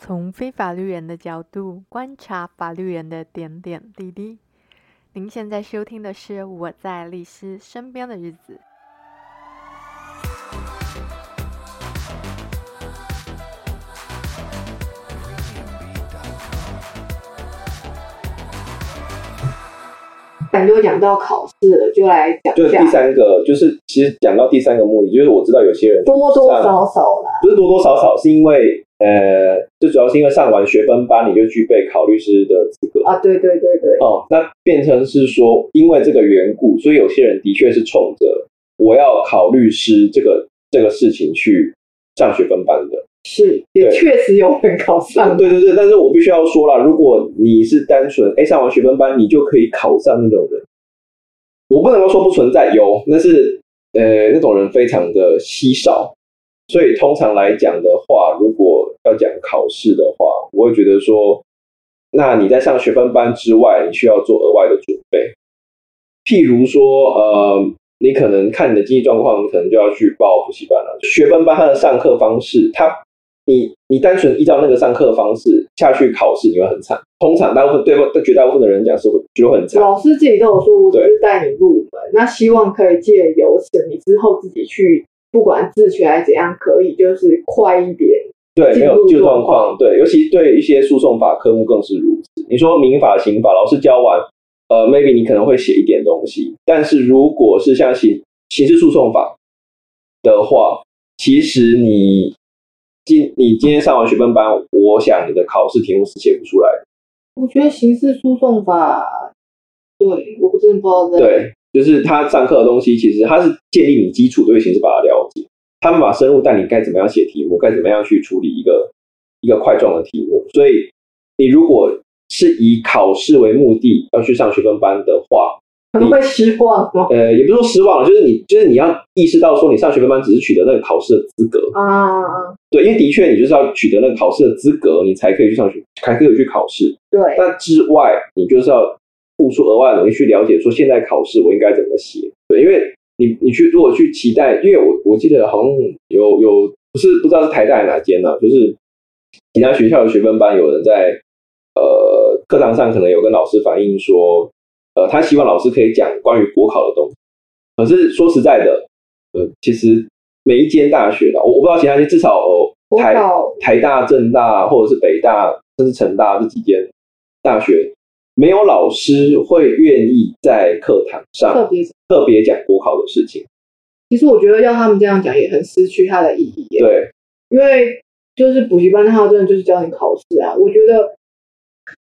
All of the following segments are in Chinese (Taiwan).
從非法律人的角度觀察法律人的點點滴滴。您現在收聽的是《我在律師身邊的日子》。咱我講到考試了，就來講。就第三個，就是其實講到第三個目的，就是我知道有些人多多少少啦，不是多多少少，是因為。呃，這主要是因為上完學分班，你就具備考律師的資格啊。對對對對。哦、嗯，那變成是說，因為這個緣故，所以有些人的確是衝着我要考律師這個這個事情去上學分班的。是，也確實有人考上對。對對對，但是我必須要說啦，如果你是單純哎、欸、上完學分班，你就可以考上那種人，我不能夠說不存在有，但是呃那種人非常的稀少。所以通常來講的話，如果要講考試的話，我會覺得說，那你在上學分班之外，你需要做額外的準備。譬如說，呃，你可能看你的經濟狀況，你可能就要去報補習班了啊。學分班它的上課方式，它，你你單純依照那個上課方式下去考試，你會很慘。通常大部分，對絕大部分的人講是會覺得很慘。老師自己都有說，我只是帶你入門，對對那希望可以借由此，你之後自己去。不管自學還是怎樣，可以就是快一點。對，沒有就狀況，對，尤其對一些訴訟法科目更是如此。你說民法、刑法，老師教完，呃，maybe 你可能會寫一點東西，但是如果是像刑刑事訴訟法的話，其實你今你今天上完學分班，嗯、我想你的考試題目是寫不出來的。我覺得刑事訴訟法，對，我不知道對。就是他上課的東西，其實他是建立你基礎，對於是形式把它了解。他們把深入帶你該怎麼樣寫題目，該怎麼樣去處理一個一個塊狀的題目。所以你如果是以考試為目的要去上學分班的話，你會失望嗎？呃，也不是說失望，就是你就是你要意識到說，你上學分班只是取得那個考試的資格啊。對，因為的確你就是要取得那個考試的資格，你才可以去上學，才可以去考試。對。那之外，你就是要，付出額外的努力去了解，說現在考試我應該怎麼寫？對，因為你你去如果去期待，因為我我記得好像有有不是不知道是台大還是哪間啊，就是其他學校的學分班有人在呃課堂上可能有跟老師反映說，呃他希望老師可以講關於國考的東西。可是說實在的，呃、嗯，其實每一間大學的、啊、我我不知道其他那些至少台好台大、政大或者是北大，甚至成大這幾間大學。沒有老師會願意在課堂上特別特別講國考的事情。其實我覺得要他們這樣講也很失去它的意義。對，因為就是補習班他真的就是教你考試啊。我覺得，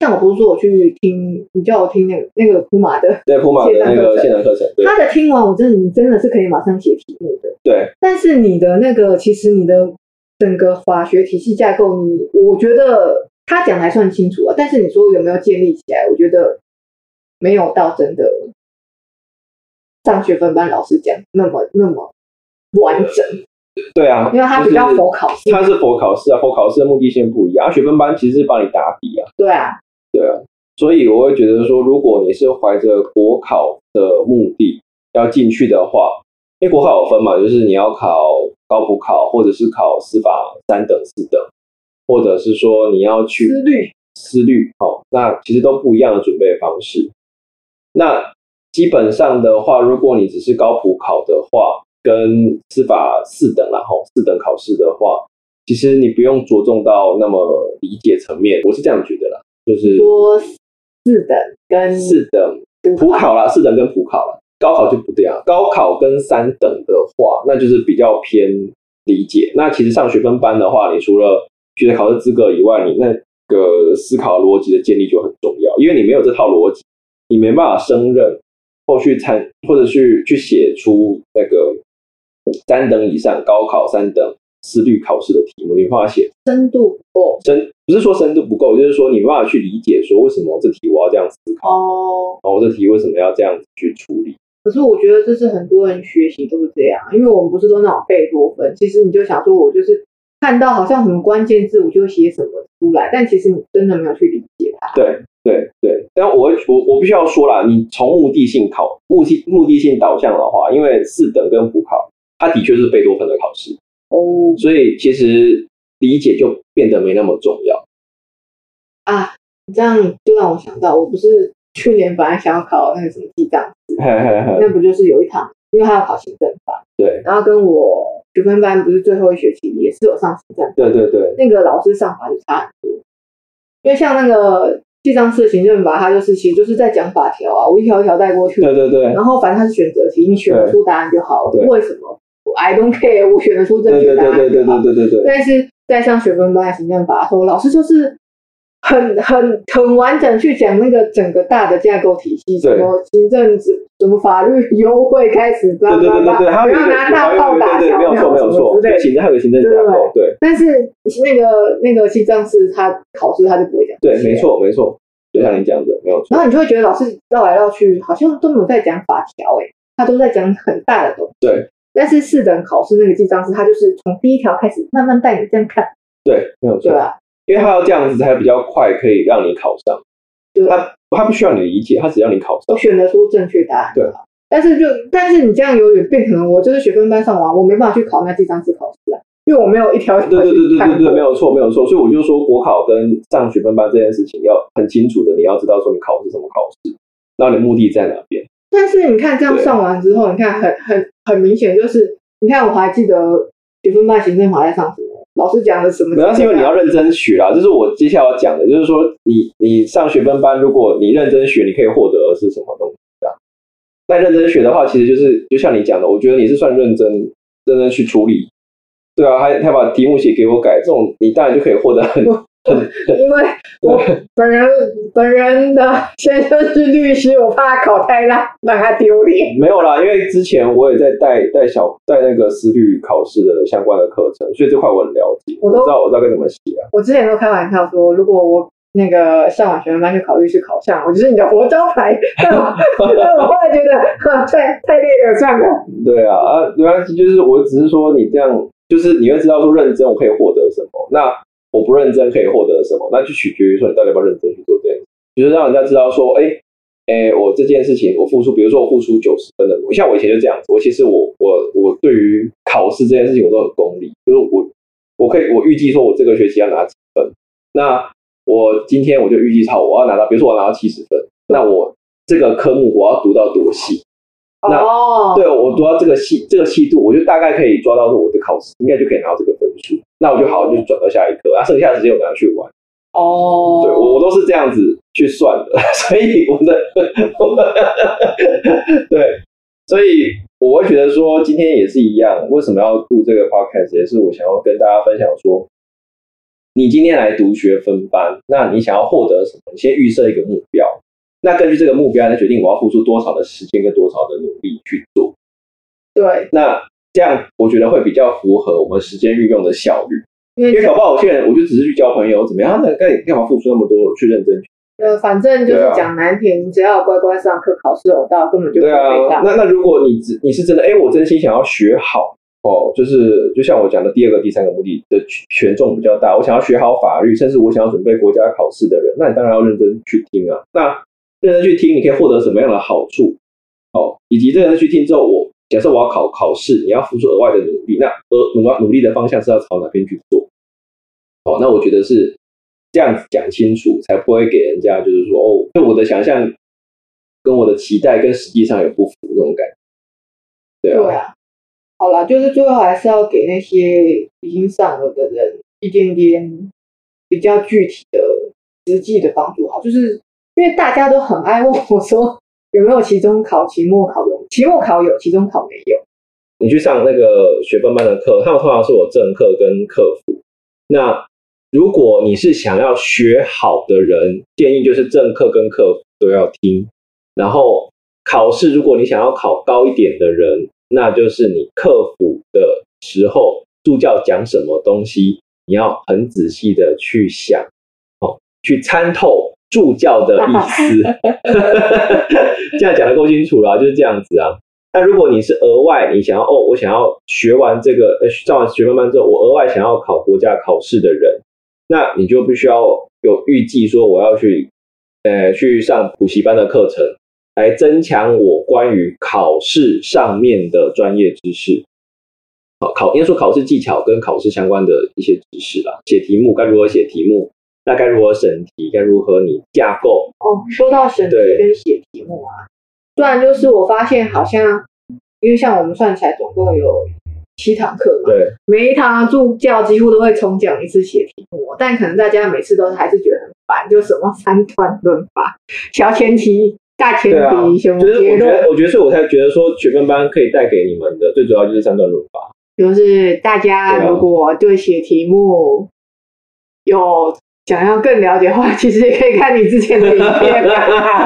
像我不是說我去聽，你叫我聽那個那個普馬的，對普馬的那個線上課程，他的聽完我真的你真的是可以馬上寫題目的。對，但是你的那個其實你的整個法學體系架構，你我覺得。他講還算清楚啊，但是你說有沒有建立起來？我覺得沒有到真的上學分班老師講那麼那麼完整。嗯、對啊，因為他比較佛考試，就是，他是佛考試啊，佛考試的目的性不一樣，啊、學分班其實是幫你打底啊。對啊，對啊，所以我會覺得說，如果你是懷着國考的目的要進去的話，因為國考有分嘛，就是你要考高普考或者是考司法三等四等，或者是說你要去思慮，思慮律，好、哦，那其實都不一樣的準備方式。那基本上的話，如果你只是高普考的話，跟司法四等然後、哦、四等考試的話，其實你不用着重到那麼理解層面，我是這樣覺得啦，就是說四等跟四等普考，普考啦，四等跟普考啦，高考就不對啊，高考跟三等的話，那就是比較偏理解。那其實上學分班的話，你除了取得考試資格以外，你那個思考邏輯的建立就很重要，因為你沒有這套邏輯，你沒辦法勝任或去參或者去去寫出那個三等以上高考三等司律考試的題目，你無法寫。深度不夠，深不是說深度不夠，就是說你沒辦法去理解說為什麼這題我要這樣思考哦，然後這題為什麼要這樣去處理？可是我覺得這是很多人學習都是這樣，因為我們不是都那種貝多分，其實你就想說我就是。看到好像很關鍵字，我就會寫什麼出來，但其實你真的沒有去理解它。對對對，但我我我必須要說啦，你從目的性考目的目的性導向的話，因為四等跟普考，它的確是貝多分的考試哦，oh. 所以其實理解就變得沒那麼重要啊。這樣就讓我想到，我不是去年本來想要考那個什麼記賬， 那不就是有一堂，因為他要考行政法，對，然後跟我學分班不是最後一學期，也是有上行政法。對對對。那個老師上法就差很多，因為像那個記賬式行政法，它就是其實就是在講法條啊，我一條一條帶過去。對對對。然後反正它是選擇題，你選出答案就好了。為什麼？I don't care，我選得出正確答案就好。對對對，對，對，對，對，對，對，但是在上學分班的行政法，說老師就是。很很很完整去講那個整個大的架構體系，什麼行政怎什麼法律優惠開始，然對對對對，然後拿它報答，對對，沒有錯沒有錯，行政還有個行政架構，對。但是那個那個記帳士他考試他就不會講，對，沒錯沒錯，就像你講的沒有錯。然後你就會覺得老師繞來繞去，好像都沒有在講法條，誒，他都在講很大的東西。對，但是四等考試那個記帳士，他就是從第一條開始慢慢帶你這樣看，對，沒有錯吧？因為他要這樣子才比較快，可以讓你考上。就是對他他不需要你理解，他只要你考上，我選擇出正確答案好。對，但是就但是你這樣有點變成我就是學分班上完，我沒辦法去考那幾張自考試。來，因為我沒有一條，一條。對對對對對對，沒有錯沒有錯。所以我就說，國考跟上學分班這件事情要很清楚的，你要知道說你考的是什麼考試，那你目的在哪邊？但是你看這樣上完之後，對你看很很很明顯，就是你看我還記得學分班行政法在上時。老師講的什麼？主要是因為你要認真學啦，這是我接下來要講的，就是說你你上學分班，如果你認真學，你可以獲得的是什麼東西啊？那認真學的話，其實就是就像你講的，我覺得你是算認真認真去處理，對啊，還還把題目寫給我改，這種你當然就可以獲得很、嗯。很 因為我本人對本人的先生是律師，我怕他考太爛，讓他丟臉。沒有啦，因為之前我也在帶帶小帶那個司律考試的相關的課程，所以這塊我很了解。我，都我知道，我知道該怎麼寫。我之前都開玩笑說，如果我那個上完學分班去考律師考上，我就是你的活招牌。 我後來覺得太太那個算了對、啊啊。對啊，沒關係，就是我只是說你這樣，就是你會知道說認真我可以獲得什麼。那。我不認真可以獲得了什麼？那就取決於說你到底要不要認真去做這件事情。就是讓人家知道說，哎、欸，哎、欸，我這件事情我付出，比如說我付出九十分的，我像我以前就這樣子。我其實我我我對於考試這件事情我都很功利，就是我我可以我預計說我這個學期要拿幾分，那我今天我就預計差，我要拿到，比如說我要拿到七十分，那我這個科目我要讀到多細。那哦，oh. 對我讀到這個細這個細度，我就大概可以抓到說我的考試應該就可以拿到這個分數，那我就好好就轉到下一科，啊，剩下的時間我拿去玩。哦、oh.，對我都是這樣子去算的，所以我的，我的，對，所以我會覺得說今天也是一樣，為什麼要錄這個 podcast，也是我想要跟大家分享說，你今天來讀學分班，那你想要獲得什麼？先預設一個目標。那根據這個目標來決定我要付出多少的時間跟多少的努力去做。對，那這樣我覺得會比較符合我們時間運用的效率。因為，因為搞不好我現在我就只是去交朋友，怎麼樣？那幹幹嘛付出那麼多我去認真去？呃，反正就是講難聽，啊、你只要乖乖上課考試，我到根本就不用、啊、那那如果你只你是真的，哎、欸，我真心想要學好哦，就是就像我講的第二個、第三個目的的權重比較大，我想要學好法律，甚至我想要準備國家考試的人，那你當然要認真去聽啊。那。認真去聽，你可以獲得什麼樣的好處？哦，以及認真去聽之後，我假設我要考考試，你要付出額外的努力，那額努力的方向是要朝哪邊去做？哦，那我覺得是這樣子講清楚，才不會給人家就是說，哦，我的想象跟我的期待跟實際上有不符這種感覺，對啊，對啊。對啊好了，就是最後還是要給那些已經上了的人一點點比較具體的實際的幫助，好，就是。因為大家都很愛問我說有沒有期中考、期末考的？期末考有，期中考沒有。你去上那個學分班、班的課，他們通常是有正課跟課輔。那如果你是想要學好的人，建議就是正課跟課輔都要聽。然後考試，如果你想要考高一點的人，那就是你課輔的時候助教講什麼東西，你要很仔細的去想，哦，去參透助教的意思， 這樣講的夠清楚了，啊，就是這樣子啊。那如果你是額外，你想要哦，我想要學完這個呃上完學分班之後，我額外想要考國家考試的人，那你就必須要有預計說我要去，呃，去上補習班的課程，來增強我關於考試上面的專業知識，好考，應該說考試技巧跟考試相關的一些知識啦，寫題目該如何寫題目，那該如何審題？該如何你架構？哦，說到審題對跟寫題目啊，雖然就是我發現好像，因為像我們算起來總共有七堂課嘛，對，每一堂助教幾乎都會重講一次寫題目，但可能大家每次都還是覺得很煩，就什麼三段論法、小前提、大前提什麼、啊、結論、我覺得，我覺得，所以我才覺得說學分班可以帶給你們的、嗯、最主要就是三段論法，就是大家如果對寫題目有。想要更了解的話，其實也可以看你之前的一篇，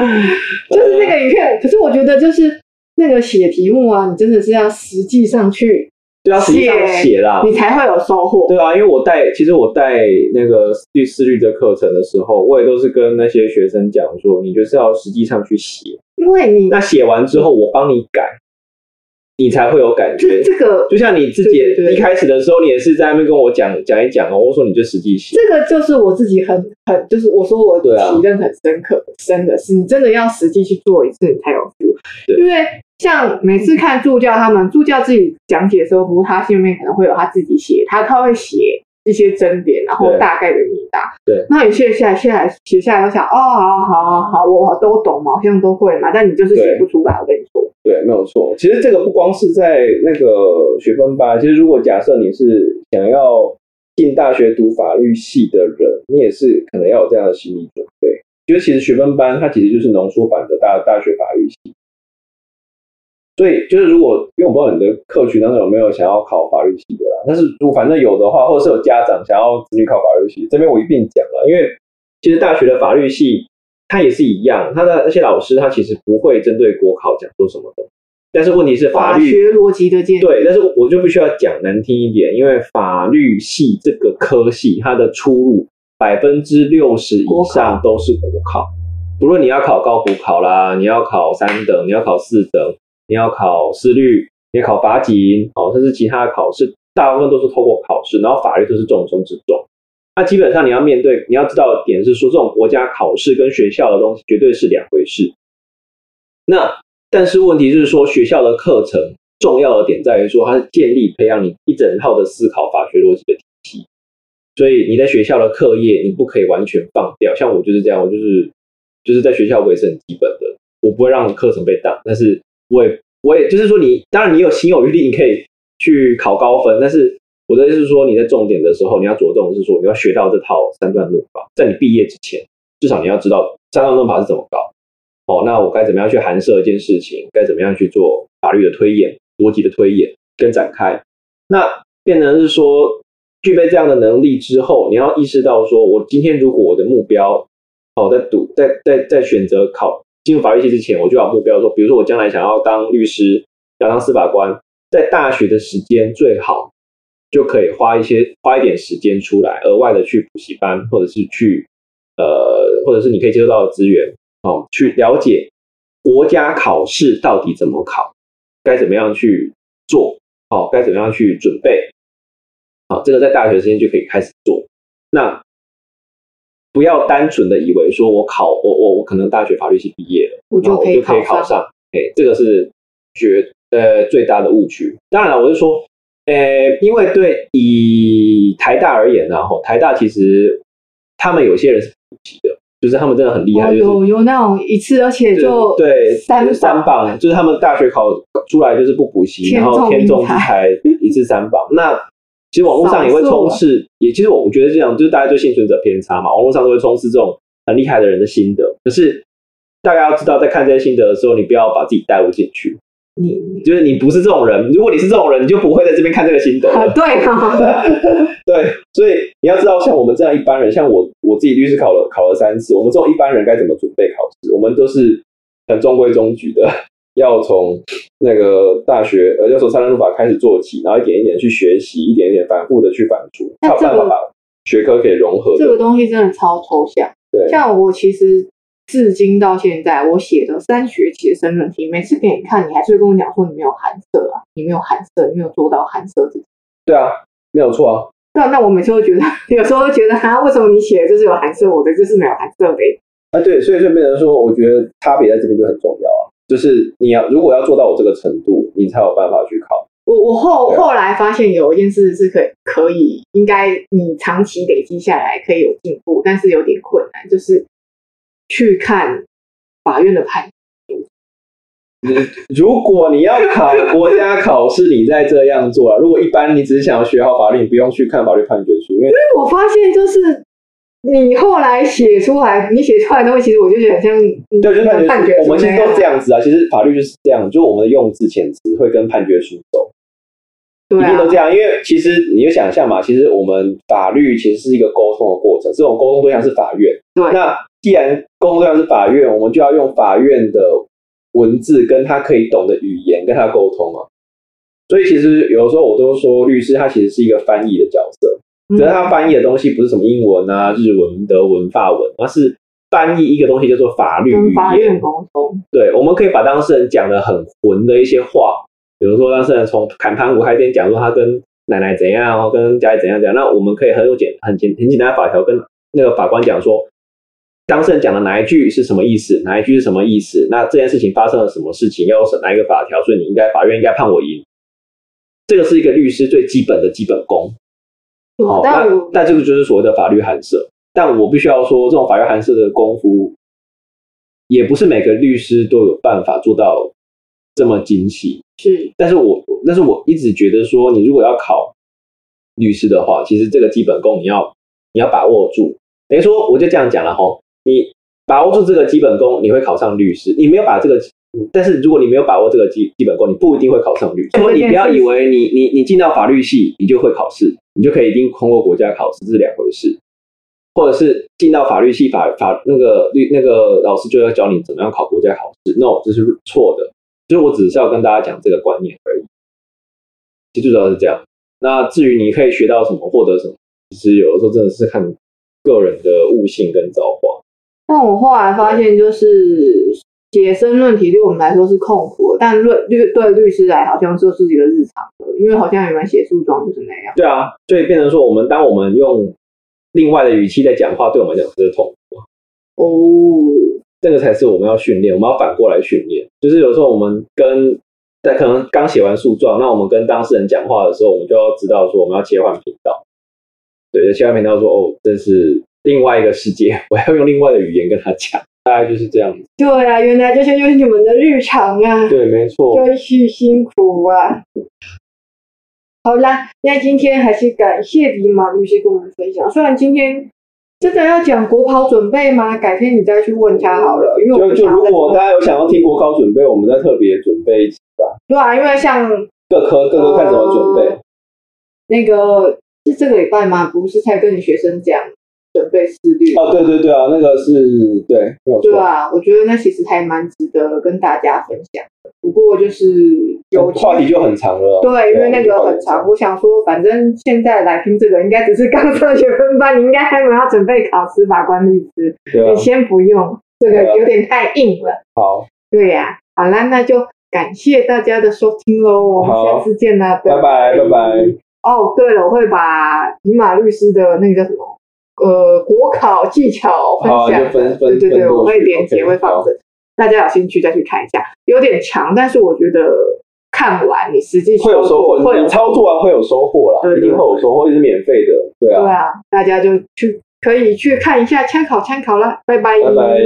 就是那個影片。 可是我覺得，就是那個寫題目啊，你真的是要實際上去、對啊、實際上寫啦，你才會有收穫。對啊，因為我帶，其實我帶那個司律司律的課程的時候，我也都是跟那些學生講說，你就是要實際上去寫，因為你那寫完之後，我幫你改。你才會有感覺。這個就像你自己一開始的時候，你也是在那邊跟我講講一講哦。我說你就實際寫，這個就是我自己很很就是我說，我體驗很深刻，深、啊、的是你真的要實際去做一次，你才有 feel 對因為像每次看助教他們助教自己講解的時候，不過他心裡面可能會有他自己寫，他他會寫一些爭點，然後大概的你答。對，那你現在來寫寫下來，下來下來都想哦，好，好好好，我都懂嘛，好像都會嘛，但你就是寫不出來。對我跟你說。對，沒有錯。其實這個不光是在那個學分班，其實如果假設你是想要進大學讀法律系的人，你也是可能要有這樣的心理準備。就其實學分班它其實就是濃縮版的大大學法律系。所以就是如果，因為我不知道你的客群當中有沒有想要考法律系的啦、啊，但是如果反正有的話，或者是有家長想要子女考法律系，這邊我一併講了，因為其實大學的法律系。他也是一樣，他的那些老師，他其實不會針對國考講說什麼的。但是問題是，法學邏輯的建立。對，但是我就必須要講難聽一點，因為法律系這個科系，它的出路百分之六十以上都是國考。國考不論你要考高普考啦，你要考三等，你要考四等，你要考司律，你要考法警哦，甚至其他的考試，大部分都是透過考試，然後法律都是重中之重。那、啊、基本上你要面對，你要知道的點是說，這種國家考試跟學校的東西絕對是兩回事。那但是問題就是說，學校的課程重要的點在於說，它是建立培養你一整套的思考法學邏輯的體系。所以你在學校的課業，你不可以完全放掉。像我就是這樣，我就是就是在學校我也是很基本的，我不會讓課程被當，但是我也我也就是說你，你當然你有心有餘力，你可以去考高分，但是。我的意思是說，你在重點的時候，你要着重是說，你要學到這套三段論法。在你畢業之前，至少你要知道三段論法是怎麼搞。好，那我該怎麼樣去涵攝一件事情？該怎麼樣去做法律的推演、邏輯的推演跟展開？那變成是說，具備這樣的能力之後，你要意識到說，我今天如果我的目標，好，在讀，在在在選擇考進入法律系之前，我就把目標說，比如說我將來想要當律師，要當司法官，在大學的時間最好。就可以花一些花一點時間出來，額外的去補習班，或者是去呃、或者是你可以接觸到的資源啊，哦，去了解國家考試到底怎麼考，該怎麼樣去做，哦，該怎麼樣去準備，好，哦，這個在大學之間就可以開始做。那不要單純的以為說，我考我我我可能大學法律系畢業了，我就，了我就可以考上，哎，這個是絕呃最大的誤區。當然了，我就說。呃，因為對以台大而言呢，吼，台大其實他們有些人是不補習的，就是他們真的很厲害，oh, 有有那種一次，而且就三榜對，對三三榜，就是他們大學考出來就是不補習，然後天縱之才，一次三榜。 那其實網絡上也會充斥，啊、也其實我我覺得這樣就是大家對倖存者偏差嘛，網絡上都會充斥這種很厲害的人的心得，可是大家要知道，在看這些心得的時候，你不要把自己帶入進去。你就是你不是這種人，如果你是這種人，你就不會在這邊看這個心得了。啊、對、啊， 對，所以你要知道，像我們這樣一般人，像我我自己律師考了考了三次，我們這種一般人該怎麼準備考試？我們都是很中規中矩的，要從那個大學，呃、要從三段論法開始做起，然後一點一點去學習，一點一點反覆的去反覆，靠、這個、辦法把學科可以融合。這個東西真的超抽象。對，像我其實。至今到現在，我寫的三學期的申論題，每次給你看，你還是會跟我講說你沒有涵攝啊，你沒有涵攝，你沒有做到涵攝。對啊，沒有錯啊。那那我每次都覺得，有時候都覺得哈、啊，為什麼你寫的就是有涵攝，我的就是沒有涵攝的、欸、啊，對，所以就沒人說，我覺得差別在這邊就很重要啊，就是你要如果要做到我這個程度，你才有辦法去考。我我後、啊、後來發現有一件事是可以可以，應該你長期累積下來可以有進步，但是有點困難，就是。去看法院的判決書。如果你要考國家考試， 你再這樣做、啊；如果一般你只是想要學好法律，你不用去看法律判決書。因為，因為我發現就是你後來寫出來，你寫出來的東西，其實我就覺得很像很對，就是判決。判決我們其實都這樣子啊，啊其實法律就是這樣，就我們的用字遣詞會跟判決書走。一定都這樣，啊、因為其實你要想象嘛，其實我們法律其實是一個溝通的過程，這種溝通對象是法院。嗯、那既然溝通對象是法院，我們就要用法院的文字跟他可以懂的語言跟他溝通啊。所以其實有的時候我都說，律師他其實是一個翻譯的角色，只、嗯、是他翻譯的東西不是什麼英文啊、日文、德文、法文，而是翻譯一個東西叫做法律語言。溝通對，我們可以把當事人講的很混的一些話。比如說當事人從盤古開天講說他跟奶奶怎樣，跟家裡怎樣怎樣，那我們可以很有簡很簡很簡單的法條跟那個法官講說，當事人講的哪一句是什麼意思，哪一句是什麼意思？那這件事情發生了什麼事情？要審哪一個法條？所以你應該法院應該判我贏。這個是一個律師最基本的基本功。好、嗯、哦、但但，但這個就是所謂的法律涵攝。但我必須要說，這種法律涵攝的功夫，也不是每個律師都有辦法做到這麼精細。是，但是我但是我一直覺得說，你如果要考律師的話，其實這個基本功你要你要把握住。等於說，我就這樣講了哈，你把握住這個基本功，你會考上律師；你沒有把這個，但是如果你沒有把握這個基基本功，你不一定會考上律師。所以你不要以為你你你進到法律系，你就會考試，你就可以一定通過國家考試，這是兩回事。或者是進到法律系，法法那個律那個老師就要教你怎麼樣考國家考試。No，這是錯的。所以，其實我只是要跟大家講這個觀念而已。其實主要是這樣。那至於你可以學到什麼，獲得什麼，其實有的時候真的是看個人的悟性跟造化。但我後來發現，就是寫申論題對我們來說是痛苦，但律對律師來好像就是一個日常的，因為好像原來寫訴狀，就是那樣。對啊，所以變成說，我們當我們用另外的語氣在講話，對我們來講是痛苦。哦。這個才是我們要訓練，我們要反過來訓練。就是有時候我們跟在可能剛寫完訴狀，那我們跟當事人講話的時候，我們就要知道說我們要切換頻道。對，切換頻道說哦，這是另外一個世界，我要用另外的語言跟他講，大概就是這樣子。對啊，原來這就是你們的日常啊。對，沒錯，真是辛苦啊。好啦，那今天還是感謝李馬律師跟我們分享，雖然今天。真的要講國考準備嗎？改天你再去問他好了，因為、嗯、就就如果大家有想要聽國考準備，我們再特別準備一次吧。對啊，因為像各科各科看怎麼準備、呃。那個是這個禮拜嗎？不是才跟你學生講。準備司律哦，對對對啊，那個是對，對啊，我覺得那其實還蠻值得跟大家分享的。不過就是有話題就很長了，對，因為那個很長。我想說，反正現在來聽這個，應該只是剛上學分班，你應該還沒有要準備考司法官律師，你先不用，這個有點太硬了。好，對呀，好啦，那就感謝大家的收聽咯。我們下次見啦，拜拜拜拜。哦，對了，我會把李馬律師的那個叫什麼？呃，國考技巧分享，啊、分分對對對，我會鏈接 OK, 會放上，到大家有興趣再去看一下，有點長，但是我覺得看完，你實際會有收穫，你有操作完會有收穫啦，對對對一定會有收穫，對對是免費的，對啊，對啊，大家就去可以去看一下，參考參考啦，拜拜，拜拜。